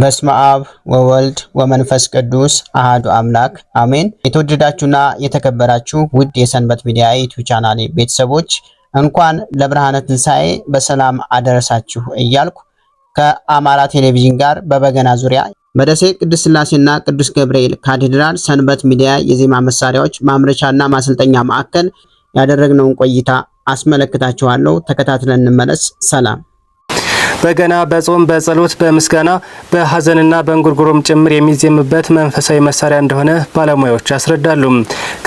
በስመ አብ ወወልድ ወመንፈስ ቅዱስ አህዱ አምላክ አሜን። የተወደዳችሁና የተከበራችሁ ውድ የሰንበት ሚዲያ ዩቲዩብ ቻናል ቤተሰቦች እንኳን ለብርሃነ ትንሣኤ በሰላም አደረሳችሁ እያልኩ ከአማራ ቴሌቪዥን ጋር በበገና ዙሪያ በደሴ ቅዱስ ሥላሴና ቅዱስ ገብርኤል ካቴድራል ሰንበት ሚዲያ የዜማ መሳሪያዎች ማምረቻና ማሰልጠኛ ማዕከል ያደረግነውን ቆይታ አስመለክታችኋለሁ። ተከታትለን እንመለስ። ሰላም በገና በጾም በጸሎት በምስጋና በሀዘንና በእንጉርጉሮም ጭምር የሚዜምበት መንፈሳዊ መሳሪያ እንደሆነ ባለሙያዎች ያስረዳሉ።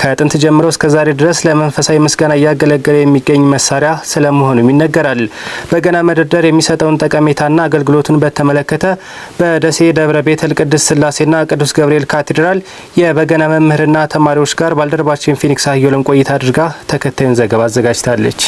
ከጥንት ጀምሮ እስከ ዛሬ ድረስ ለመንፈሳዊ ምስጋና እያገለገለ የሚገኝ መሳሪያ ስለመሆኑም ይነገራል። በገና መደርደር የሚሰጠውን ጠቀሜታና አገልግሎቱን በተመለከተ በደሴ ደብረ ቤተል ቅድስት ስላሴና ቅዱስ ገብርኤል ካቴድራል የበገና መምህርና ተማሪዎች ጋር ባልደረባችን ፊኒክስ አየሎን ቆይታ አድርጋ ተከታዩን ዘገባ አዘጋጅታለች።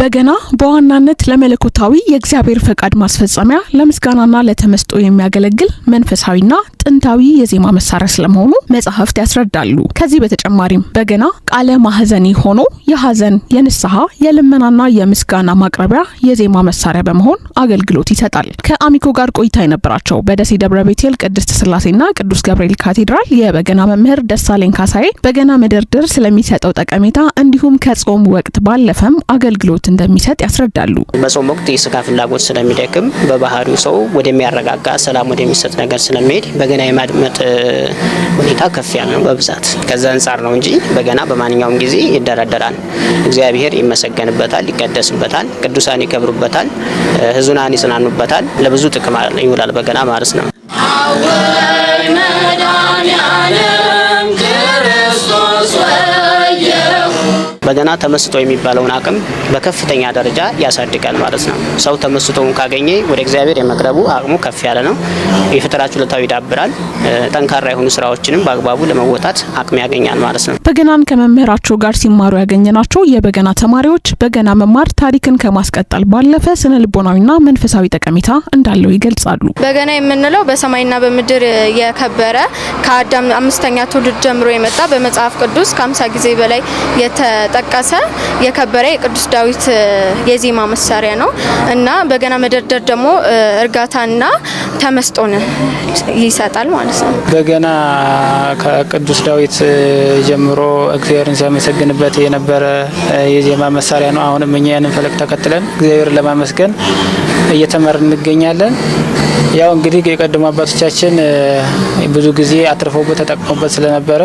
በገና በዋናነት ለመለኮታዊ የእግዚአብሔር ፈቃድ ማስፈጸሚያ ለምስጋናና ለተመስጦ የሚያገለግል መንፈሳዊና ጥንታዊ የዜማ መሳሪያ ስለመሆኑ መጽሐፍት ያስረዳሉ። ከዚህ በተጨማሪም በገና ቃለ ማህዘኒ ሆኖ የሀዘን፣ የንስሐ፣ የልመናና የምስጋና ማቅረቢያ የዜማ መሳሪያ በመሆን አገልግሎት ይሰጣል። ከአሚኮ ጋር ቆይታ የነበራቸው በደሴ ደብረ ቤቴል ቅድስት ስላሴና ቅዱስ ገብርኤል ካቴድራል የበገና መምህር ደሳለኝ ካሳዬ በገና መደርደር ስለሚሰጠው ጠቀሜታ እንዲሁም ከጾም ወቅት ባለፈም አገልግሎት እንደሚሰጥ ያስረዳሉ። በጾም ወቅት የስጋ ፍላጎት ስለሚደክም በባህሪው ሰው ወደሚያረጋጋ ሰላም ወደሚሰጥ ነገር ስለሚሄድ በገና የማድመጥ ሁኔታ ከፍ ያለ ነው በብዛት ከዛ አንጻር ነው እንጂ በገና በማንኛውም ጊዜ ይደረደራል። እግዚአብሔር ይመሰገንበታል፣ ይቀደስበታል፣ ቅዱሳን ይከብሩበታል፣ ህዙናን ይጽናኑበታል። ለብዙ ጥቅም ይውላል በገና ማለት ነው። በገና ተመስጦ የሚባለውን አቅም በከፍተኛ ደረጃ ያሳድጋል ማለት ነው። ሰው ተመስጦውን ካገኘ ወደ እግዚአብሔር የመቅረቡ አቅሙ ከፍ ያለ ነው። የፈጠራ ችሎታው ይዳብራል። ጠንካራ የሆኑ ስራዎችንም በአግባቡ ለመወጣት አቅም ያገኛል ማለት ነው። በገናን ከመምህራቸው ጋር ሲማሩ ያገኘናቸው የበገና ተማሪዎች በገና መማር ታሪክን ከማስቀጠል ባለፈ ስነ ልቦናዊና መንፈሳዊ ጠቀሜታ እንዳለው ይገልጻሉ። በገና የምንለው በሰማይና በምድር የከበረ ከአዳም አምስተኛ ትውልድ ጀምሮ የመጣ በመጽሐፍ ቅዱስ ከአምሳ ጊዜ በላይ የተ የተጠቀሰ የከበረ የቅዱስ ዳዊት የዜማ መሳሪያ ነው እና በገና መደርደር ደግሞ እርጋታና ተመስጦን ይሰጣል ማለት ነው። በገና ከቅዱስ ዳዊት ጀምሮ እግዚአብሔርን ሲያመሰግንበት የነበረ የዜማ መሳሪያ ነው። አሁንም እኛ ያንን ፈለግ ተከትለን እግዚአብሔርን ለማመስገን እየተመር እንገኛለን። ያው እንግዲህ የቀደሙ አባቶቻችን ብዙ ጊዜ አትርፈውበት ተጠቅሞበት ስለነበረ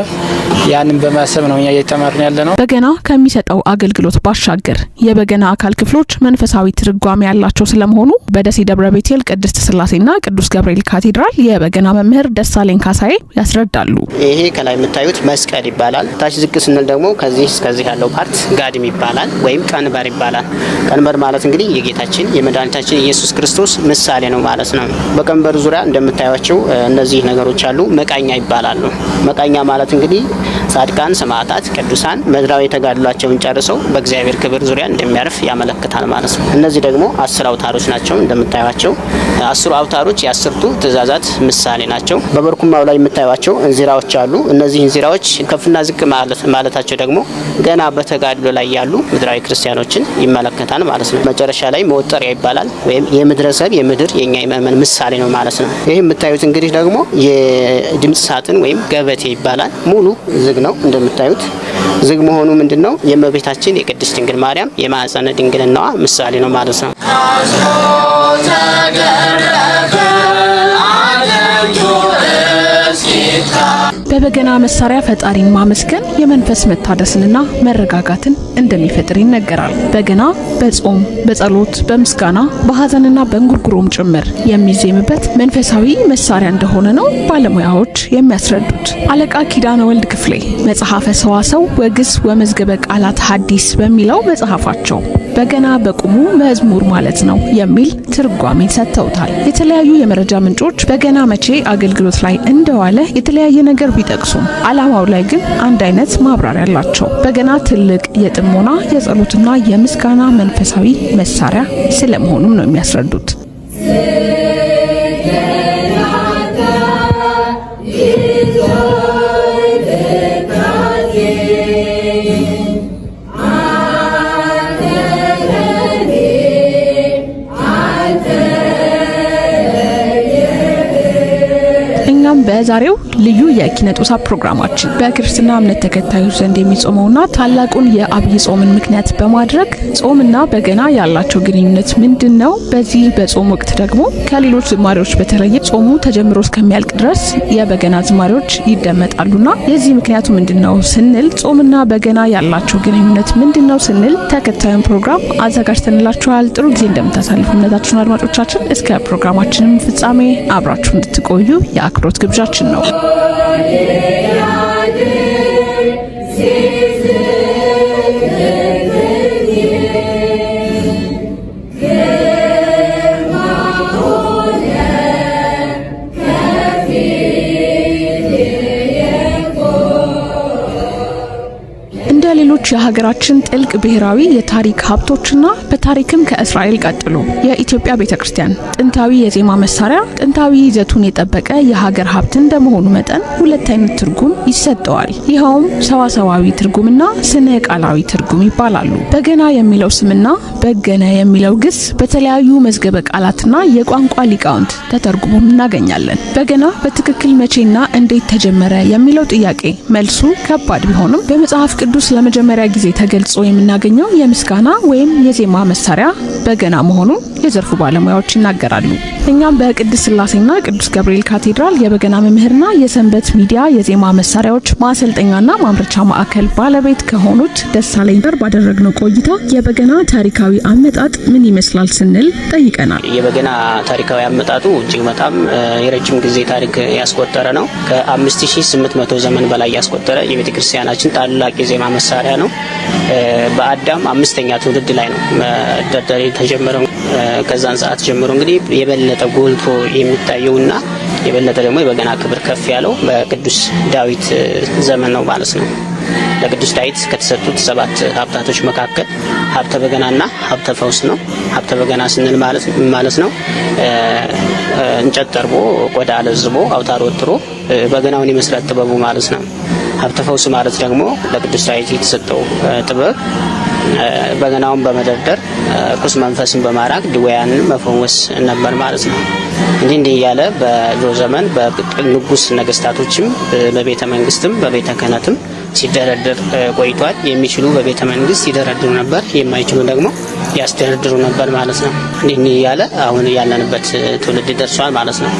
ያንን በማሰብ ነው እኛ እየተማርን ያለ ነው። በገና ከሚሰጠው አገልግሎት ባሻገር የበገና አካል ክፍሎች መንፈሳዊ ትርጓሜ ያላቸው ስለመሆኑ በደሴ ደብረ ቤቴል ቅድስት ስላሴና ቅዱስ ገብርኤል ካቴድራል የበገና መምህር ደሳለኝ ካሳዬ ያስረዳሉ። ይሄ ከላይ የምታዩት መስቀል ይባላል። ታች ዝቅ ስንል ደግሞ ከዚህ እስከዚህ ያለው ፓርት ጋድም ይባላል ወይም ቀንበር ይባላል። ቀንበር ማለት እንግዲህ የጌታችን የመድኃኒታችን ኢየሱስ ክርስቶስ ምሳሌ ነው ማለት ነው። በቀንበር ዙሪያ እንደምታያቸው እነዚህ ነገሮች አሉ። መቃኛ ይባላሉ። መቃኛ ማለት እንግዲህ ጻድቃን፣ ሰማዕታት፣ ቅዱሳን ምድራዊ የተጋድሏቸውን ጨርሰው በእግዚአብሔር ክብር ዙሪያ እንደሚያርፍ ያመለክታል ማለት ነው። እነዚህ ደግሞ አስር አውታሮች ናቸው። እንደምታዩቸው አስሩ አውታሮች የአስርቱ ትእዛዛት ምሳሌ ናቸው። በበርኩማው ላይ የምታዩቸው እንዚራዎች አሉ። እነዚህ እንዚራዎች ከፍና ዝቅ ማለታቸው ደግሞ ገና በተጋድሎ ላይ ያሉ ምድራዊ ክርስቲያኖችን ይመለከታል ማለት ነው። መጨረሻ ላይ መወጠሪያ ይባላል። ወይም የምድረሰብ የምድር የኛ የምእመን ምሳሌ ነው ማለት ነው። ይህ የምታዩት እንግዲህ ደግሞ የድምፅ ሳጥን ወይም ገበቴ ይባላል ሙሉ ነው። እንደምታዩት ዝግ መሆኑ ምንድን ነው የእመቤታችን የቅድስት ድንግል ማርያም የማዕፀነ ድንግልናዋ ምሳሌ ነው ማለት ነው። በበገና መሳሪያ ፈጣሪን ማመስገን የመንፈስ መታደስንና መረጋጋትን እንደሚፈጥር ይነገራል። በገና በጾም፣ በጸሎት፣ በምስጋና፣ በሀዘንና በእንጉርጉሮም ጭምር የሚዜምበት መንፈሳዊ መሳሪያ እንደሆነ ነው ባለሙያዎች የሚያስረዱት። አለቃ ኪዳነ ወልድ ክፍሌ መጽሐፈ ሰዋሰው ወግስ ወመዝገበ ቃላት ሐዲስ በሚለው መጽሐፋቸው በገና በቁሙ መዝሙር ማለት ነው የሚል ትርጓሜ ሰጥተውታል። የተለያዩ የመረጃ ምንጮች በገና መቼ አገልግሎት ላይ እንደዋለ የተለያየ ነገር አይጠቅሱም። ዓላማው ላይ ግን አንድ አይነት ማብራሪያ አላቸው። በገና ትልቅ የጥሞና የጸሎትና የምስጋና መንፈሳዊ መሳሪያ ስለመሆኑም ነው የሚያስረዱት። በዛሬው ልዩ የኪነ ጦሳ ፕሮግራማችን በክርስትና እምነት ተከታዮች ዘንድ የሚጾመውና ታላቁን የአብይ ጾምን ምክንያት በማድረግ ጾምና በገና ያላቸው ግንኙነት ምንድን ነው? በዚህ በጾም ወቅት ደግሞ ከሌሎች ዝማሬዎች በተለየ ጾሙ ተጀምሮ እስከሚያልቅ ድረስ የበገና ዝማሬዎች ይደመጣሉና የዚህ ምክንያቱ ምንድን ነው ስንል ጾምና በገና ያላቸው ግንኙነት ምንድን ነው ስንል ተከታዩን ፕሮግራም አዘጋጅተንላችኋል። ጥሩ ጊዜ እንደምታሳልፉ እምነታችን አድማጮቻችን፣ እስከ ፕሮግራማችንም ፍጻሜ አብራችሁ እንድትቆዩ የአክብሮት ግብዣችን ነው። Твоя የሀገራችን ጥልቅ ብሔራዊ የታሪክ ሀብቶችና በታሪክም ከእስራኤል ቀጥሎ የኢትዮጵያ ቤተ ክርስቲያን ጥንታዊ የዜማ መሳሪያ ጥንታዊ ይዘቱን የጠበቀ የሀገር ሀብት እንደመሆኑ መጠን ሁለት አይነት ትርጉም ይሰጠዋል። ይኸውም ሰዋሰዋዊ ትርጉምና ስነ ቃላዊ ትርጉም ይባላሉ። በገና የሚለው ስምና በገነ የሚለው ግስ በተለያዩ መዝገበ ቃላትና የቋንቋ ሊቃውንት ተተርጉሞ እናገኛለን። በገና በትክክል መቼና እንዴት ተጀመረ የሚለው ጥያቄ መልሱ ከባድ ቢሆንም በመጽሐፍ ቅዱስ ለመጀመሪያ ለመጀመሪያ ጊዜ ተገልጾ የምናገኘው የምስጋና ወይም የዜማ መሳሪያ በገና መሆኑን የዘርፉ ባለሙያዎች ይናገራሉ። እኛም በቅድስት ስላሴና ቅዱስ ገብርኤል ካቴድራል የበገና መምህርና የሰንበት ሚዲያ የዜማ መሳሪያዎች ማሰልጠኛና ማምረቻ ማዕከል ባለቤት ከሆኑት ደሳለኝ ጋር ባደረግነው ቆይታ የበገና ታሪካዊ አመጣጥ ምን ይመስላል ስንል ጠይቀናል። የበገና ታሪካዊ አመጣጡ እጅግ በጣም የረጅም ጊዜ ታሪክ ያስቆጠረ ነው። ከ5800 ዘመን በላይ ያስቆጠረ የቤተክርስቲያናችን ታላቅ የዜማ መሳሪያ ነው። ነው። በአዳም አምስተኛ ትውልድ ላይ ነው መደርደር የተጀመረው። ከዛን ሰዓት ጀምሮ እንግዲህ የበለጠ ጎልቶ የሚታየውና የበለጠ ደግሞ የበገና ክብር ከፍ ያለው በቅዱስ ዳዊት ዘመን ነው ማለት ነው። ለቅዱስ ዳዊት ከተሰጡት ሰባት ሀብታቶች መካከል ሀብተ በገናና ሀብተ ፈውስ ነው። ሀብተ በገና ስንል ማለት ነው እንጨት ጠርቦ ቆዳ ለዝቦ አውታር ወጥሮ በገናውን የመስራት ጥበቡ ማለት ነው። ሀብተ ፈውስ ማለት ደግሞ ለቅዱስ ዳዊት የተሰጠው ጥበብ በገናውን በመደርደር ቁስ መንፈስን በማራቅ ድውያንን መፈወስ ነበር ማለት ነው። እንዲህ እንዲህ እያለ በድሮ ዘመን በንጉስ ነገስታቶችም በቤተ መንግስትም በቤተ ክህነትም ሲደረድር ቆይቷል። የሚችሉ በቤተ መንግስት ይደረድሩ ነበር፣ የማይችሉ ደግሞ ያስደረድሩ ነበር ማለት ነው። እንዲህ እንዲህ እያለ አሁን ያለንበት ትውልድ ደርሷል ማለት ነው።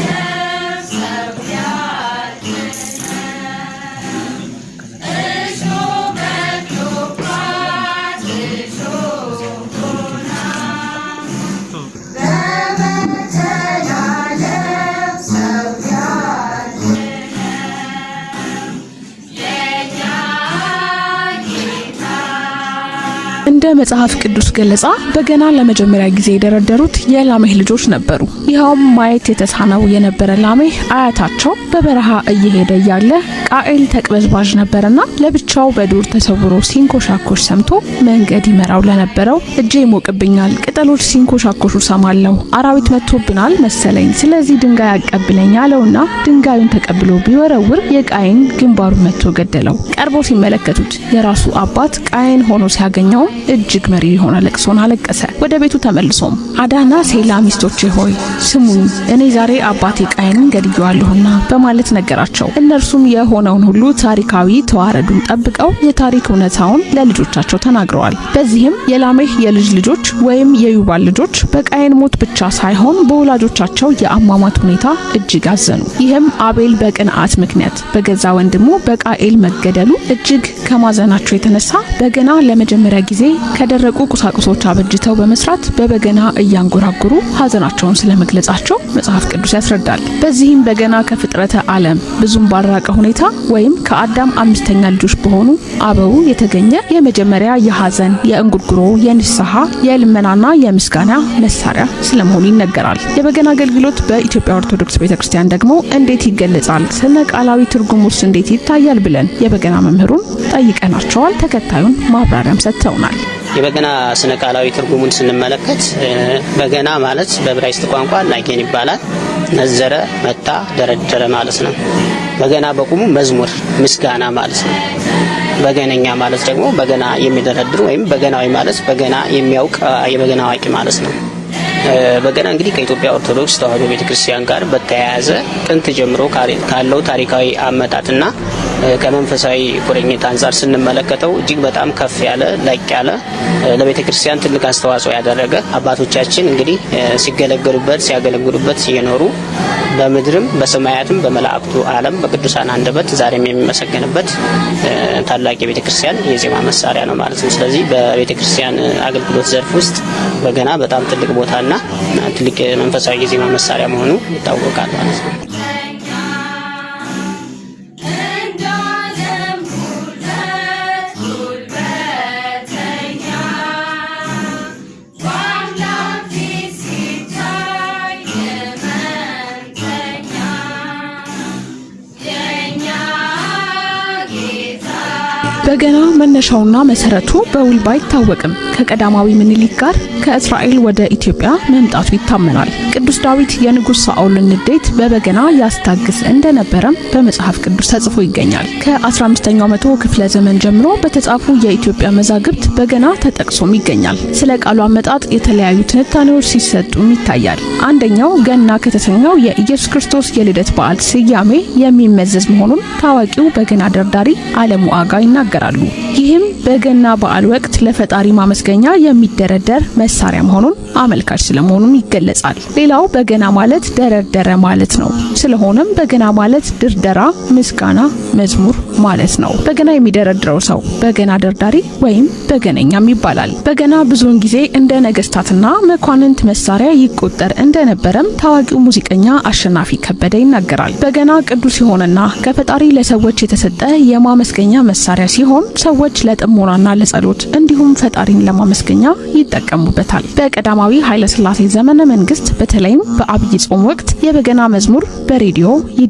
የመጽሐፍ ቅዱስ ገለጻ በገና ለመጀመሪያ ጊዜ የደረደሩት የላሜህ ልጆች ነበሩ። ይኸውም ማየት የተሳነው የነበረ ላሜህ አያታቸው በበረሃ እየሄደ እያለ ቃኤል ተቅበዝባዥ ነበርና ለብቻው በዱር ተሰውሮ ሲንኮሻኮሽ ሰምቶ መንገድ ይመራው ለነበረው እጄ ይሞቅብኛል፣ ቅጠሎች ሲንኮሻኮሹ ሰማለሁ፣ አራዊት መጥቶብናል መሰለኝ፣ ስለዚህ ድንጋይ አቀብለኝ አለውና ድንጋዩን ተቀብሎ ቢወረውር የቃይን ግንባሩ መጥቶ ገደለው። ቀርቦ ሲመለከቱት የራሱ አባት ቃይን ሆኖ ሲያገኘውም እጅ እጅግ መሪር የሆነ ለቅሶን አለቀሰ። ወደ ቤቱ ተመልሶም አዳና ሴላ ሚስቶቼ ሆይ ስሙኝ፣ እኔ ዛሬ አባቴ ቃየንን ገድየዋለሁና በማለት ነገራቸው። እነርሱም የሆነውን ሁሉ ታሪካዊ ተዋረዱን ጠብቀው የታሪክ እውነታውን ለልጆቻቸው ተናግረዋል። በዚህም የላሜህ የልጅ ልጆች ወይም የዩባል ልጆች በቃየን ሞት ብቻ ሳይሆን በወላጆቻቸው የአሟሟት ሁኔታ እጅግ አዘኑ። ይህም አቤል በቅንዓት ምክንያት በገዛ ወንድሙ በቃኤል መገደሉ እጅግ ከማዘናቸው የተነሳ በገና ለመጀመሪያ ጊዜ ከደረቁ ቁሳቁሶች አበጅተው በመስራት በበገና እያንጎራጉሩ ሀዘናቸውን ስለመግለጻቸው መጽሐፍ ቅዱስ ያስረዳል። በዚህም በገና ከፍጥረተ ዓለም ብዙም ባራቀ ሁኔታ ወይም ከአዳም አምስተኛ ልጆች በሆኑ አበው የተገኘ የመጀመሪያ የሀዘን፣ የእንጉርጉሮ፣ የንስሐ፣ የልመናና የምስጋና መሳሪያ ስለመሆኑ ይነገራል። የበገና አገልግሎት በኢትዮጵያ ኦርቶዶክስ ቤተክርስቲያን ደግሞ እንዴት ይገለጻል? ስነ ቃላዊ ትርጉሙስ እንዴት ይታያል? ብለን የበገና መምህሩን ጠይቀናቸዋል። ተከታዩን ማብራሪያም ሰጥተውናል። የበገና ስነ ቃላዊ ትርጉሙን ስንመለከት በገና ማለት በብራይስት ቋንቋ ላጌን ይባላል። ነዘረ፣ መታ፣ ደረደረ ማለት ነው። በገና በቁሙ መዝሙር፣ ምስጋና ማለት ነው። በገነኛ ማለት ደግሞ በገና የሚደረድር ወይም በገናዊ ማለት በገና የሚያውቅ የበገና አዋቂ ማለት ነው። በገና እንግዲህ ከኢትዮጵያ ኦርቶዶክስ ተዋሕዶ ቤተክርስቲያን ጋር በተያያዘ ጥንት ጀምሮ ካለው ታሪካዊ አመጣጥና ከመንፈሳዊ ቁርኝት አንጻር ስንመለከተው እጅግ በጣም ከፍ ያለ ላቅ ያለ ለቤተ ክርስቲያን ትልቅ አስተዋጽኦ ያደረገ አባቶቻችን እንግዲህ ሲገለገሉበት ሲያገለግሉበት የኖሩ በምድርም በሰማያትም በመላእክቱ ዓለም በቅዱሳን አንደበት ዛሬም የሚመሰገንበት ታላቅ የቤተ ክርስቲያን የዜማ መሳሪያ ነው ማለት ነው። ስለዚህ በቤተ ክርስቲያን አገልግሎት ዘርፍ ውስጥ በገና በጣም ትልቅ ቦታና ትልቅ መንፈሳዊ የዜማ መሳሪያ መሆኑ ይታወቃል ማለት ነው። እንደገና መነሻውና መሰረቱ በውል ባይታወቅም ከቀዳማዊ ምኒልክ ጋር ከእስራኤል ወደ ኢትዮጵያ መምጣቱ ይታመናል። ቅዱስ ዳዊት የንጉሥ ሳኦልን ንዴት በበገና ያስታግስ እንደነበረም በመጽሐፍ ቅዱስ ተጽፎ ይገኛል። ከ15ኛው መቶ ክፍለ ዘመን ጀምሮ በተጻፉ የኢትዮጵያ መዛግብት በገና ተጠቅሶም ይገኛል። ስለ ቃሉ አመጣጥ የተለያዩ ትንታኔዎች ሲሰጡም ይታያል። አንደኛው ገና ከተሰኘው የኢየሱስ ክርስቶስ የልደት በዓል ስያሜ የሚመዘዝ መሆኑን ታዋቂው በገና ደርዳሪ አለሙ አጋ ይናገራል። ይችላሉ። ይህም በገና በዓል ወቅት ለፈጣሪ ማመስገኛ የሚደረደር መሳሪያ መሆኑን አመልካች ስለመሆኑም ይገለጻል። ሌላው በገና ማለት ደረደረ ማለት ነው። ስለሆነም በገና ማለት ድርደራ፣ ምስጋና፣ መዝሙር ማለት ነው። በገና የሚደረድረው ሰው በገና ደርዳሪ ወይም በገነኛም ይባላል። በገና ብዙውን ጊዜ እንደ ነገስታትና መኳንንት መሳሪያ ይቆጠር እንደነበረም ታዋቂው ሙዚቀኛ አሸናፊ ከበደ ይናገራል። በገና ቅዱስ የሆነና ከፈጣሪ ለሰዎች የተሰጠ የማመስገኛ መሳሪያ ሲሆን ሲሆን ሰዎች ለጥሞናና ለጸሎት እንዲሁም ፈጣሪን ለማመስገኛ ይጠቀሙበታል። በቀዳማዊ ኃይለሥላሴ ዘመነ መንግስት በተለይም በአብይ ጾም ወቅት የበገና መዝሙር በሬዲዮ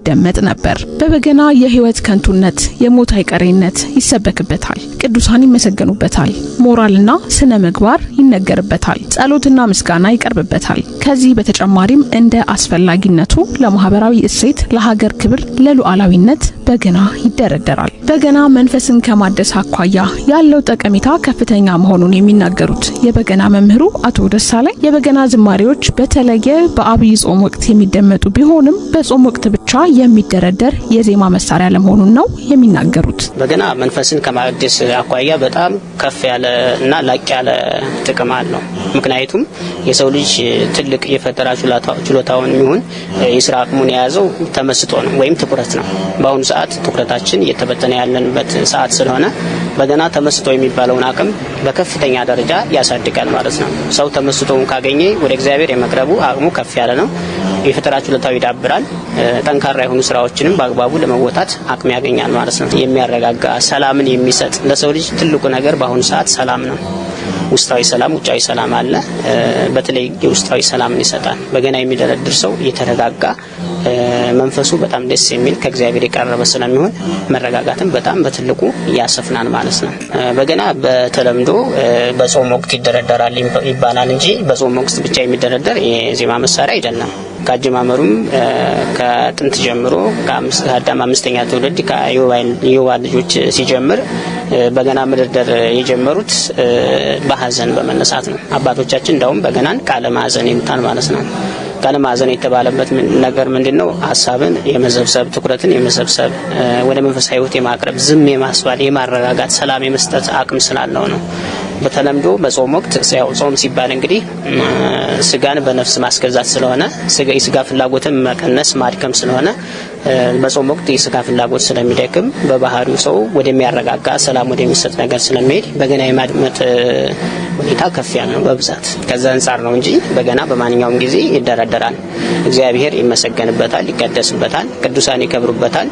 ይደመጥ ነበር። በበገና የህይወት ከንቱነት፣ የሞት አይቀሬነት ይሰበክበታል። ቅዱሳን ይመሰገኑበታል። ሞራልና ስነ ምግባር ይነገርበታል። ጸሎትና ምስጋና ይቀርብበታል። ከዚህ በተጨማሪም እንደ አስፈላጊነቱ ለማህበራዊ እሴት፣ ለሀገር ክብር፣ ለሉዓላዊነት በገና ይደረደራል። በገና መንፈስን ከማደስ አኳያ ያለው ጠቀሜታ ከፍተኛ መሆኑን የሚናገሩት የበገና መምህሩ አቶ ደሳለኝ የበገና ዝማሬዎች በተለየ በአብይ ጾም ወቅት የሚደመጡ ቢሆንም በጾም ወቅት ብቻ የሚደረደር የዜማ መሳሪያ ለመሆኑን ነው የሚናገሩት። በገና መንፈስን ከማደስ አኳያ በጣም ከፍ ያለ እና ላቅ ያለ ጥቅም አለው። ምክንያቱም የሰው ልጅ ትልቅ የፈጠራ ችሎታውን ይሁን የስራ አቅሙን የያዘው ተመስጦ ነው ወይም ትኩረት ነው። በአሁኑ ሰዓት ትኩረታችን እየተበተነ ያለንበት ሰዓት ስለሆነ በገና ተመስጦ የሚባለውን አቅም በከፍተኛ ደረጃ ያሳድጋል ማለት ነው። ሰው ተመስጦውን ካገኘ ወደ እግዚአብሔር የመቅረቡ አቅሙ ከፍ ያለ ነው። የፈጠራ ችሎታው ይዳብራል። ጠንካራ የሆኑ ስራዎችንም በአግባቡ ለመወጣት አቅም ያገኛል ማለት ነው። የሚያረጋጋ ሰላምን የሚሰጥ ለሰው ልጅ ትልቁ ነገር በአሁኑ ሰዓት ሰላም ነው። ውስጣዊ ሰላም፣ ውጫዊ ሰላም አለ። በተለይ የውስጣዊ ሰላምን ይሰጣል። በገና የሚደረድር ሰው እየተረጋጋ መንፈሱ በጣም ደስ የሚል ከእግዚአብሔር የቀረበ ስለሚሆን መረጋጋትን በጣም በትልቁ ያሰፍናል ማለት ነው። በገና በተለምዶ በጾም ወቅት ይደረደራል ይባላል እንጂ በጾም ወቅት ብቻ የሚደረደር የዜማ መሳሪያ አይደለም። ከአጀማመሩም ከጥንት ጀምሮ ከአዳም አምስተኛ ትውልድ ከዮባ ልጆች ሲጀምር በገና መደርደር የጀመሩት በሀዘን በመነሳት ነው። አባቶቻችን እንዳውም በገናን ቃለ ማዘን ይሉታል ማለት ነው። ቀን አዘን የተባለበት ነገር ምንድን ነው? ሀሳብን የመሰብሰብ ትኩረትን የመሰብሰብ ወደ መንፈሳዊ ሕይወት የማቅረብ ዝም የማስባል የማረጋጋት ሰላም የመስጠት አቅም ስላለው ነው። በተለምዶ በጾም ወቅት ያው ጾም ሲባል እንግዲህ ስጋን በነፍስ ማስገዛት ስለሆነ የስጋ ፍላጎትን መቀነስ ማድከም ስለሆነ መጾም ወቅት የስጋ ፍላጎት ስለሚደክም በባህሪው ሰው ወደሚያረጋጋ ሰላም ወደሚሰጥ ነገር ስለሚሄድ በገና የማድመጥ ሁኔታ ከፍ ያለ ነው በብዛት ከዛ አንጻር ነው እንጂ በገና በማንኛውም ጊዜ ይደረደራል። እግዚአብሔር ይመሰገንበታል፣ ይቀደስበታል፣ ቅዱሳን ይከብሩበታል፣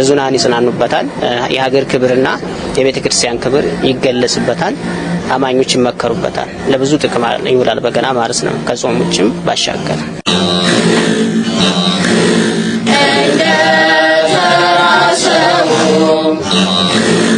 ሕዙናን ይጽናኑበታል፣ የሀገር ክብርና የቤተ ክርስቲያን ክብር ይገለጽበታል፣ አማኞች ይመከሩበታል። ለብዙ ጥቅም ይውላል በገና ማለት ነው። ከጾም ውጭም ባሻገር Aman.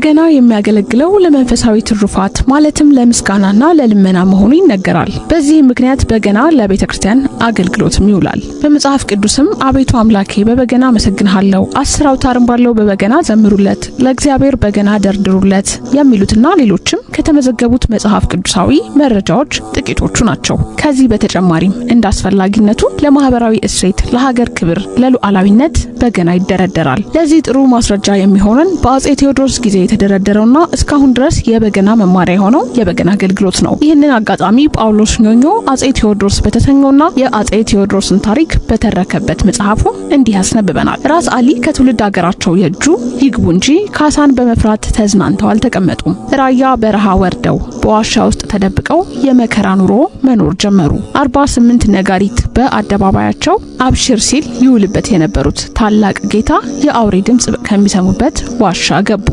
በገና የሚያገለግለው ለመንፈሳዊ ትሩፋት ማለትም ለምስጋናና ለልመና መሆኑ ይነገራል። በዚህ ምክንያት በገና ለቤተ ክርስቲያን አገልግሎትም ይውላል። በመጽሐፍ ቅዱስም አቤቱ አምላኬ በበገና አመሰግንሃለሁ፣ አስር አውታርም ባለው በበገና ዘምሩለት፣ ለእግዚአብሔር በገና ደርድሩለት የሚሉትና ሌሎችም ከተመዘገቡት መጽሐፍ ቅዱሳዊ መረጃዎች ጥቂቶቹ ናቸው። ከዚህ በተጨማሪም እንደ አስፈላጊነቱ ለማህበራዊ እሴት፣ ለሀገር ክብር፣ ለሉዓላዊነት በገና ይደረደራል። ለዚህ ጥሩ ማስረጃ የሚሆነን በአጼ ቴዎድሮስ ጊዜ የተደረደረውና እስካሁን ድረስ የበገና መማሪያ የሆነው የበገና አገልግሎት ነው። ይህንን አጋጣሚ ጳውሎስ ኞኞ አጼ ቴዎድሮስ በተሰኘውና የአጼ ቴዎድሮስን ታሪክ በተረከበት መጽሐፉ እንዲህ ያስነብበናል። ራስ አሊ ከትውልድ ሀገራቸው የእጁ ይግቡ እንጂ ካሳን በመፍራት ተዝናንተው አልተቀመጡም። ራያ በረሃ ወርደው በዋሻ ውስጥ ተደብቀው የመከራ ኑሮ መኖር ጀመሩ። 48 ነጋሪት በአደባባያቸው አብሽር ሲል ይውልበት የነበሩት ታላቅ ጌታ የአውሬ ድምጽ ከሚሰሙበት ዋሻ ገቡ።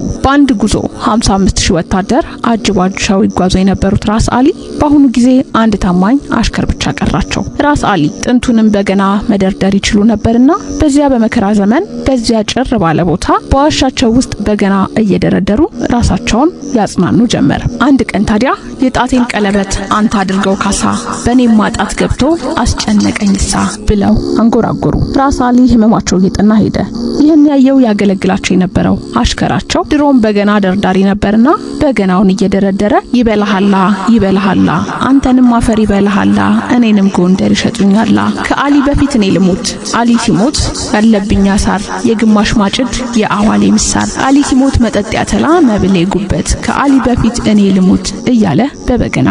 በአንድ ጉዞ 55 ሺህ ወታደር አጅባቸው ይጓዙ የነበሩት ራስ አሊ በአሁኑ ጊዜ አንድ ታማኝ አሽከር ብቻ ቀራቸው። ራስ አሊ ጥንቱንም በገና መደርደር ይችሉ ነበርና በዚያ በመከራ ዘመን በዚያ ጭር ባለ ቦታ በዋሻቸው ውስጥ በገና እየደረደሩ ራሳቸውን ያጽናኑ ጀመር። አንድ ቀን ታዲያ የጣቴን ቀለበት አንተ አድርገው ካሳ በእኔም ማጣት ገብቶ አስጨነቀኝሳ ብለው አንጎራጎሩ። ራስ አሊ ህመማቸው እየጠና ሄደ። ይህን ያየው ያገለግላቸው የነበረው አሽከራቸው ድሮም በገና ደርዳሪ ነበርና በገናውን እየደረደረ ይበላሃላ ይበልሃላ፣ አንተንም አፈር ይበላሃላ፣ እኔንም ጎንደር ይሸጡኛላ። ከአሊ በፊት እኔ ልሞት፣ አሊ ሲሞት ያለብኝ አሳር፣ የግማሽ ማጭድ የአዋሌ ምሳር፣ አሊ ሲሞት መጠጥ ያተላ መብሌ ጉበት፣ ከአሊ በፊት እኔ ልሞት እያለ በበገና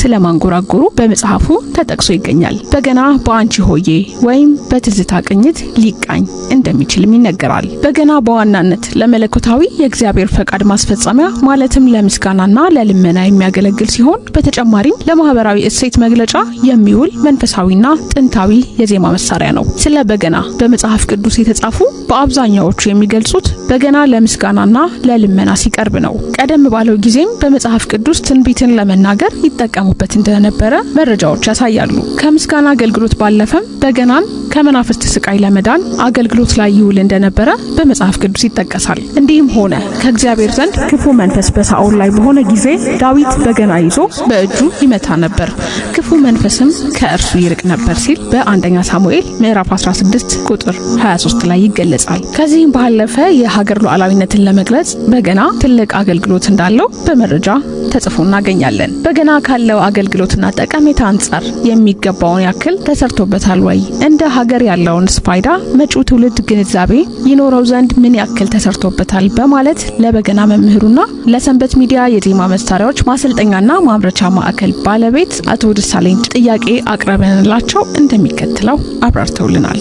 ስለማንጎራጎሩ በመጽሐፉ ተጠቅሶ ይገኛል። በገና በአንቺ ሆዬ ወይም በትዝታ ቅኝት ሊቃኝ እንደሚችልም ይነገራል። በገና በዋናነት ለመለኮታዊ የእግዚአብሔር ፈቃድ ማስፈጸሚያ ማለትም ለምስጋናና ለልመና የሚያገለግል ሲሆን በተጨማሪም ለማህበራዊ እሴት መግለጫ የሚውል መንፈሳዊና ጥንታዊ የዜማ መሳሪያ ነው። ስለ በገና በመጽሐፍ ቅዱስ የተጻፉ በአብዛኛዎቹ የሚገልጹት በገና ለምስጋናና ለልመና ሲቀርብ ነው። ቀደም ባለው ጊዜም በመጽሐፍ ቅዱስ ትንቢትን ለመናገር ይጠቀ ይጠቀሙበት እንደነበረ መረጃዎች ያሳያሉ። ከምስጋና አገልግሎት ባለፈም በገናን ከመናፍስት ስቃይ ለመዳን አገልግሎት ላይ ይውል እንደነበረ በመጽሐፍ ቅዱስ ይጠቀሳል። እንዲህም ሆነ ከእግዚአብሔር ዘንድ ክፉ መንፈስ በሳኦል ላይ በሆነ ጊዜ ዳዊት በገና ይዞ በእጁ ይመታ ነበር፣ ክፉ መንፈስም ከእርሱ ይርቅ ነበር ሲል በአንደኛ ሳሙኤል ምዕራፍ 16 ቁጥር 23 ላይ ይገለጻል። ከዚህም ባለፈ የሀገር ሉዓላዊነትን ለመግለጽ በገና ትልቅ አገልግሎት እንዳለው በመረጃ ተጽፎ እናገኛለን። በገና ካለ ካለው አገልግሎትና ጠቀሜታ አንጻር የሚገባውን ያክል ተሰርቶበታል ወይ? እንደ ሀገር ያለውንስ ፋይዳ መጪው ትውልድ ግንዛቤ ይኖረው ዘንድ ምን ያክል ተሰርቶበታል? በማለት ለበገና መምህሩና ለሰንበት ሚዲያ የዜማ መሳሪያዎች ማሰልጠኛና ማምረቻ ማዕከል ባለቤት አቶ ደሳለኝ ጥያቄ አቅርበንላቸው እንደሚከትለው አብራርተውልናል።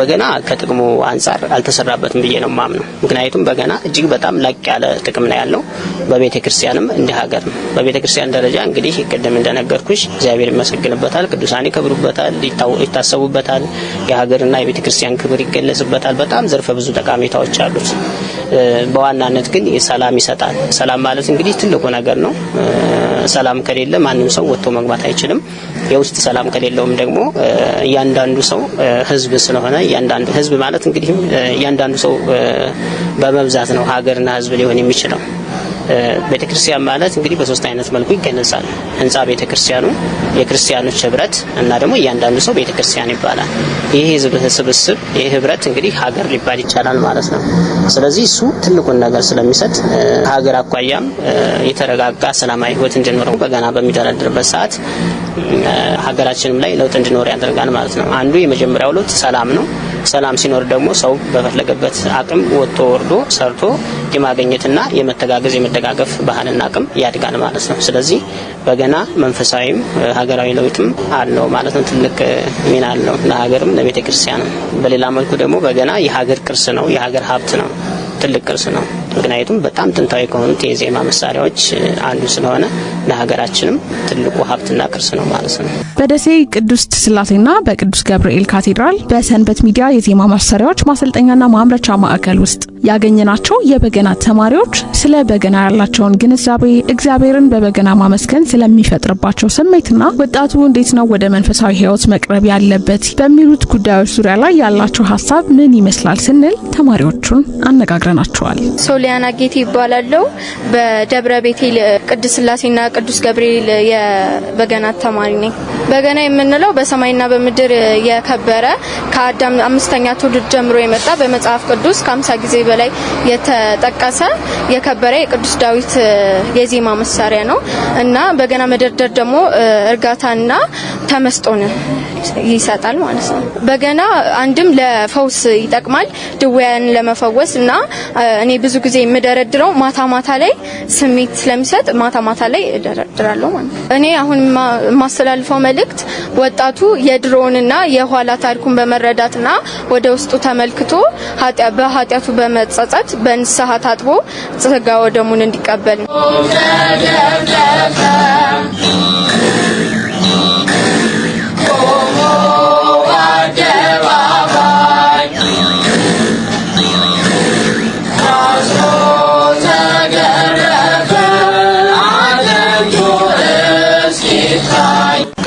በገና ከጥቅሙ አንጻር አልተሰራበትም ብዬ ነው ማምነው። ምክንያቱም በገና እጅግ በጣም ላቅ ያለ ጥቅም ነው ያለው በቤተክርስቲያንም እንደ ሀገር በቤተክርስቲያን ደረጃ እንግዲህ ቅድም እንደነገርኩሽ እግዚአብሔር ይመሰግንበታል፣ ቅዱሳን ይከብሩበታል፣ ይታሰቡበታል፣ የሀገርና የቤተ ክርስቲያን ክብር ይገለጽበታል። በጣም ዘርፈ ብዙ ጠቃሜታዎች አሉት። በዋናነት ግን ሰላም ይሰጣል። ሰላም ማለት እንግዲህ ትልቁ ነገር ነው። ሰላም ከሌለ ማንም ሰው ወጥቶ መግባት አይችልም። የውስጥ ሰላም ከሌለውም ደግሞ እያንዳንዱ ሰው ህዝብ ስለሆነ እያንዳንዱ ህዝብ ማለት እንግዲህ እያንዳንዱ ሰው በመብዛት ነው ሀገርና ህዝብ ሊሆን የሚችለው። ቤተክርስቲያን ማለት እንግዲህ በሶስት አይነት መልኩ ይገለጻል። ህንፃ ቤተክርስቲያኑ፣ የክርስቲያኖች ህብረት እና ደግሞ እያንዳንዱ ሰው ቤተክርስቲያን ይባላል። ይህ ህዝብ ስብስብ፣ ይህ ህብረት እንግዲህ ሀገር ሊባል ይቻላል ማለት ነው። ስለዚህ እሱ ትልቁን ነገር ስለሚሰጥ ከሀገር አኳያም የተረጋጋ ሰላማዊ ህይወት እንዲኖረው በገና በሚደረድርበት ሰዓት ሀገራችንም ላይ ለውጥ እንዲኖር ያደርጋል ማለት ነው። አንዱ የመጀመሪያው ለውጥ ሰላም ነው። ሰላም ሲኖር ደግሞ ሰው በፈለገበት አቅም ወጥቶ ወርዶ ሰርቶ የማገኘትና የመተጋገዝ የመደጋገፍ ባህልና አቅም ያድጋል ማለት ነው። ስለዚህ በገና መንፈሳዊም ሀገራዊ ለውጥም አለው ማለት ነው። ትልቅ ሚና አለው ለሀገርም ለቤተክርስቲያንም። በሌላ መልኩ ደግሞ በገና የሀገር ቅርስ ነው፣ የሀገር ሀብት ነው፣ ትልቅ ቅርስ ነው። ምክንያቱም በጣም ጥንታዊ ከሆኑት የዜማ መሳሪያዎች አንዱ ስለሆነ ለሀገራችንም ትልቁ ሀብትና ቅርስ ነው ማለት ነው። በደሴ ቅዱስ ስላሴና በቅዱስ ገብርኤል ካቴድራል በሰንበት ሚዲያ የዜማ መሳሪያዎች ማሰልጠኛና ማምረቻ ማዕከል ውስጥ ያገኘናቸው የበገና ተማሪዎች ስለ በገና ያላቸውን ግንዛቤ እግዚአብሔርን በበገና ማመስገን ስለሚፈጥርባቸው ስሜትና ወጣቱ እንዴት ነው ወደ መንፈሳዊ ሕይወት መቅረብ ያለበት በሚሉት ጉዳዮች ዙሪያ ላይ ያላቸው ሀሳብ ምን ይመስላል ስንል ተማሪዎቹን አነጋግረናቸዋል። ሶሊያና ጌቴ ይባላለው። በደብረ ቤቴል ቅዱስ ስላሴና ቅዱስ ገብርኤል የበገና ተማሪ ነኝ። በገና የምንለው በሰማይና በምድር የከበረ ከአዳም አምስተኛ ትውልድ ጀምሮ የመጣ በመጽሐፍ ቅዱስ ከአምሳ ጊዜ በላይ የተጠቀሰ የከበረ የቅዱስ ዳዊት የዜማ መሳሪያ ነው እና በገና መደርደር ደግሞ እርጋታና ተመስጦን ይሰጣል ማለት ነው። በገና አንድም ለፈውስ ይጠቅማል፣ ድውያን ለመፈወስ እና እኔ ብዙ ጊዜ የምደረድረው ማታ ማታ ላይ ስሜት ስለሚሰጥ ማታ ማታ ላይ እደረድራለሁ ማለት ነው። እኔ አሁን የማስተላልፈው መልእክት ወጣቱ የድሮውንና የኋላ ታሪኩን በመረዳትና ወደ ውስጡ ተመልክቶ በኃጢአቱ በመጸጸት በንስሐ ታጥቦ ሥጋ ወደሙን እንዲቀበል ነው።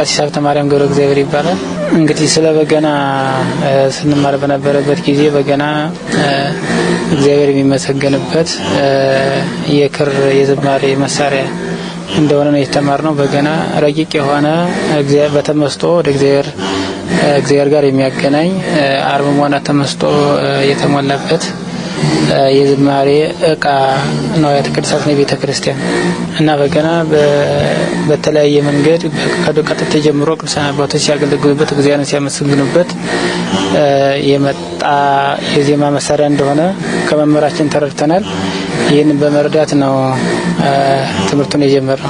ጥምቀት ሂሳብ ተማሪያም ገብረ እግዚአብሔር ይባላል። እንግዲህ ስለ በገና ስንማር በነበረበት ጊዜ በገና እግዚአብሔር የሚመሰገንበት የክር የዝማሬ መሳሪያ እንደሆነ ነው የተማርነው። በገና ረቂቅ የሆነ በተመስጦ ወደ እግዚአብሔር ጋር የሚያገናኝ አርምሞና ተመስጦ የተሞላበት የዝማሬ እቃ ነው ቅድሳት ሳጥን ቤተ ክርስቲያን እና በገና በተለያየ መንገድ ከዱቀት ተጀምሮ ቅዱሳን አባቶች ሲያገለግሉበት፣ እግዚአብሔር ሲያመሰግኑበት የመጣ የዜማ መሳሪያ እንደሆነ ከመምህራችን ተረድተናል። ይህን በመረዳት ነው ትምህርቱን የጀመረ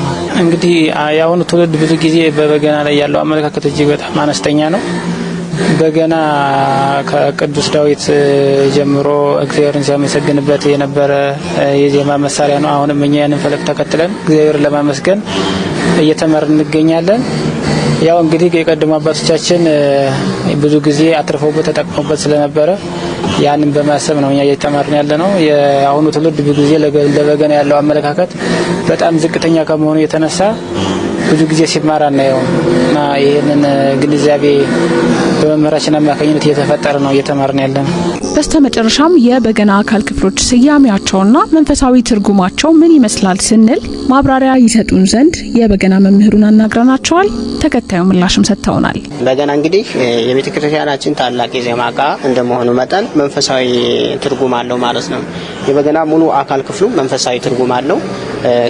እንግዲህ የአሁኑ ትውልድ ብዙ ጊዜ በበገና ላይ ያለው አመለካከት እጅግ በጣም አነስተኛ ነው። በገና ከቅዱስ ዳዊት eh, ጀምሮ እግዚአብሔርን ሲያመሰግንበት የነበረ eh, የዜማ መሳሪያ ነው። አሁንም እኛ ያንን ፈለግ ተከትለን እግዚአብሔርን ለማመስገን እየተመርን እንገኛለን። ያው እንግዲህ የቀደሙ አባቶቻችን eh, ብዙ ጊዜ አትርፈውበት ተጠቅመውበት ስለነበረ ያንን በማሰብ ነው እኛ እየተማርን ያለ ነው። የአሁኑ ትውልድ ብዙ ጊዜ ለበገና ያለው አመለካከት በጣም ዝቅተኛ ከመሆኑ የተነሳ ብዙ ጊዜ ሲማር አናየውም እና ይህንን ግንዛቤ በመምህራችን አማካኝነት እየተፈጠረ ነው እየተማርን ያለ ነው። በስተ መጨረሻም የበገና አካል ክፍሎች ስያሜያቸውና መንፈሳዊ ትርጉማቸው ምን ይመስላል ስንል ማብራሪያ ይሰጡን ዘንድ የበገና መምህሩን አናግረናቸዋል። ተከታዩ ምላሽም ሰጥተውናል። በገና እንግዲህ የቤተ ክርስቲያናችን ታላቅ የዜማ እቃ እንደመሆኑ መጠን መንፈሳዊ ትርጉም አለው ማለት ነው። የበገና ሙሉ አካል ክፍሉ መንፈሳዊ ትርጉም አለው።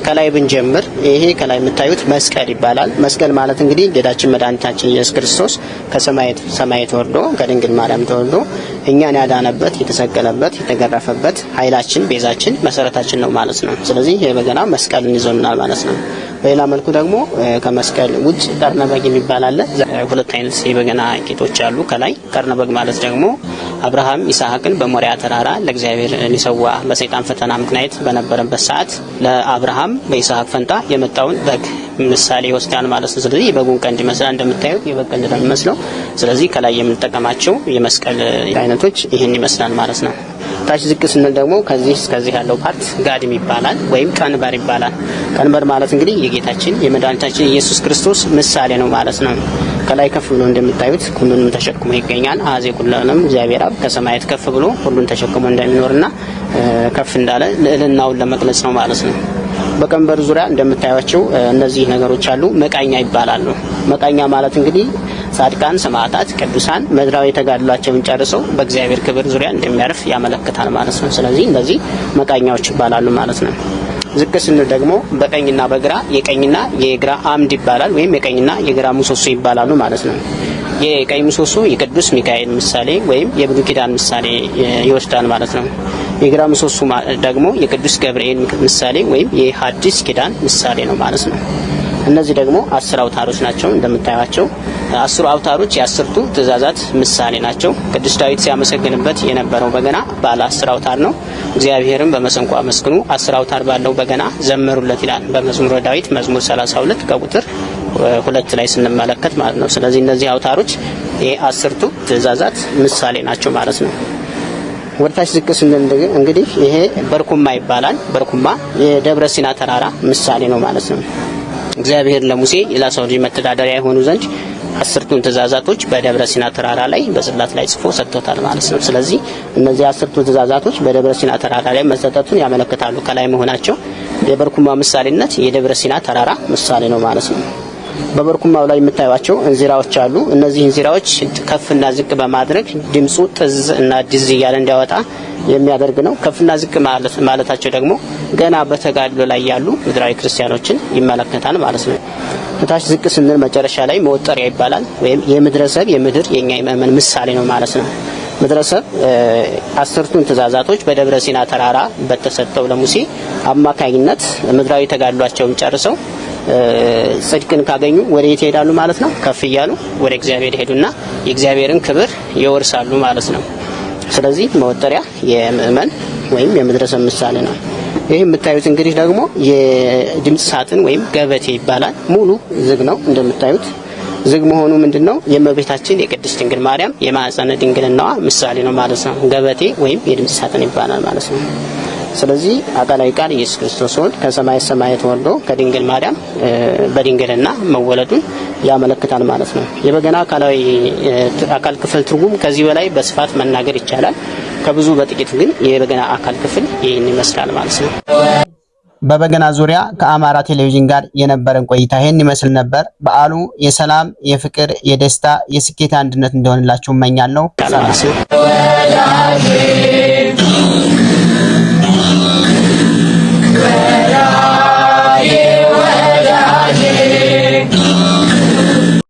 ከላይ ብንጀምር ይሄ ከላይ የምታዩት መስቀል ይባላል። መስቀል ማለት እንግዲህ ጌታችን መድኃኒታችን ኢየሱስ ክርስቶስ ከሰማይ ከሰማይ ተወርዶ ከድንግል ማርያም ተወርዶ እኛን ያዳነበት የተሰቀለበት የተገረፈበት ኃይላችን ቤዛችን መሰረታችን ነው ማለት ነው። ስለዚህ ይሄ በገና መስቀልን ይዞልናል ማለት ነው። በሌላ መልኩ ደግሞ ከመስቀል ውጭ ቀርነበግ የሚባል አለ። ሁለት አይነት የበገና ጌጦች አሉ። ከላይ ቀርነበግ ማለት ደግሞ አብርሃም ይስሐቅን በሞሪያ ተራራ ለእግዚአብሔር ሊሰዋ በሰይጣን ፈተና ምክንያት በነበረበት ሰዓት ለአብርሃም በይስሐቅ ፈንታ የመጣውን በግ ምሳሌ ይወስዳል ማለት ነው። ስለዚህ የበጉን ቀንድ ይመስላል። እንደምታየው የበግ ቀንድ ነው የሚመስለው። ስለዚህ ከላይ የምንጠቀማቸው የመስቀል አይነቶች ይህን ይመስላል ማለት ነው። ታች ዝቅ ስንል ደግሞ ከዚህ እስከዚህ ያለው ፓርት ጋድም ይባላል ወይም ቀንበር ይባላል። ቀንበር ማለት እንግዲህ የጌታችን የመድኃኒታችን ኢየሱስ ክርስቶስ ምሳሌ ነው ማለት ነው። ከላይ ከፍ ብሎ እንደምታዩት ሁሉንም ተሸክሞ ይገኛል። አዜ ኩለንም እግዚአብሔር አብ ከሰማያት ከፍ ብሎ ሁሉን ተሸክሞ እንደሚኖርና ከፍ እንዳለ ልዕልናውን ለመግለጽ ነው ማለት ነው። በቀንበር ዙሪያ እንደምታዩቸው እነዚህ ነገሮች አሉ። መቃኛ ይባላሉ። መቃኛ ማለት እንግዲህ ጻድቃን፣ ሰማዕታት፣ ቅዱሳን ምድራዊ የተጋድሏቸውን ጨርሰው በእግዚአብሔር ክብር ዙሪያ እንደሚያርፍ ያመለክታል ማለት ነው። ስለዚህ እነዚህ መቃኛዎች ይባላሉ ማለት ነው። ዝቅ ስንል ደግሞ በቀኝና በግራ የቀኝና የግራ አምድ ይባላል ወይም የቀኝና የግራ ምሰሶ ይባላሉ ማለት ነው። የቀኝ ምሰሶ የቅዱስ ሚካኤል ምሳሌ ወይም የብሉይ ኪዳን ምሳሌ ይወስዳል ማለት ነው። የግራ ምሰሶ ደግሞ የቅዱስ ገብርኤል ምሳሌ ወይም የሐዲስ ኪዳን ምሳሌ ነው ማለት ነው። እነዚህ ደግሞ አስር አውታሮች ናቸው እንደምታዩቸው። አስሩ አውታሮች የአስርቱ ትእዛዛት ምሳሌ ናቸው። ቅዱስ ዳዊት ሲያመሰግንበት የነበረው በገና ባለ አስር አውታር ነው። እግዚአብሔርም በመሰንቆ አመስግኑ፣ አስር አውታር ባለው በገና ዘምሩለት ይላል በመዝሙረ ዳዊት መዝሙር 32 ከቁጥር ሁለት ላይ ስንመለከት ማለት ነው። ስለዚህ እነዚህ አውታሮች የአስርቱ ትእዛዛት ምሳሌ ናቸው ማለት ነው። ወደታች ዝቅ ስንል እንግዲህ ይሄ በርኩማ ይባላል። በርኩማ የደብረ ሲና ተራራ ምሳሌ ነው ማለት ነው። እግዚአብሔር ለሙሴ ለሰው ልጅ መተዳደሪያ የሆኑ ዘንድ አስርቱን ትእዛዛቶች በደብረ ሲና ተራራ ላይ በጽላት ላይ ጽፎ ሰጥቶታል ማለት ነው። ስለዚህ እነዚህ አስርቱ ትእዛዛቶች በደብረ ሲና ተራራ ላይ መሰጠቱን ያመለክታሉ። ከላይ መሆናቸው የበርኩማ ምሳሌነት የደብረ ሲና ተራራ ምሳሌ ነው ማለት ነው። በበርኩማው ላይ የምታዩቸው እንዚራዎች አሉ። እነዚህ እንዚራዎች ከፍና ዝቅ በማድረግ ድምፁ ጥዝ እና ድዝ እያለ እንዲያወጣ የሚያደርግ ነው። ከፍና ዝቅ ማለታቸው ደግሞ ገና በተጋድሎ ላይ ያሉ ምድራዊ ክርስቲያኖችን ይመለከታል ማለት ነው። እታች ዝቅ ስንል መጨረሻ ላይ መወጠሪያ ይባላል። ወይም የምድረሰብ የምድር የኛ የምእመን ምሳሌ ነው ማለት ነው። ምድረሰብ አስርቱን ትእዛዛቶች በደብረ ሲና ተራራ በተሰጠው ለሙሴ አማካኝነት ምድራዊ ተጋድሏቸውን ጨርሰው ጽድቅን ካገኙ ወደ የት ይሄዳሉ ማለት ነው? ከፍ እያሉ ወደ እግዚአብሔር ይሄዱና የእግዚአብሔርን ክብር ይወርሳሉ ማለት ነው። ስለዚህ መወጠሪያ የምእመን ወይም የመድረሰብ ምሳሌ ነው። ይህ የምታዩት እንግዲህ ደግሞ የድምፅ ሳጥን ወይም ገበቴ ይባላል። ሙሉ ዝግ ነው እንደምታዩት። ዝግ መሆኑ ምንድን ነው? የእመቤታችን የቅድስት ድንግል ማርያም የማህፀነ ድንግልናዋ ምሳሌ ነው ማለት ነው። ገበቴ ወይም የድምፅ ሳጥን ይባላል ማለት ነው። ስለዚህ አካላዊ ቃል ኢየሱስ ክርስቶስ ወልድ ከሰማይ ሰማያት ወርዶ ከድንግል ማርያም በድንግልና መወለዱን ያመለክታል ማለት ነው። የበገና አካላዊ አካል ክፍል ትርጉም ከዚህ በላይ በስፋት መናገር ይቻላል። ከብዙ በጥቂቱ ግን የበገና አካል ክፍል ይህን ይመስላል ማለት ነው። በበገና ዙሪያ ከአማራ ቴሌቪዥን ጋር የነበረን ቆይታ ይህን ይመስል ነበር። በዓሉ የሰላም፣ የፍቅር፣ የደስታ፣ የስኬት አንድነት እንደሆንላችሁ እመኛለሁ።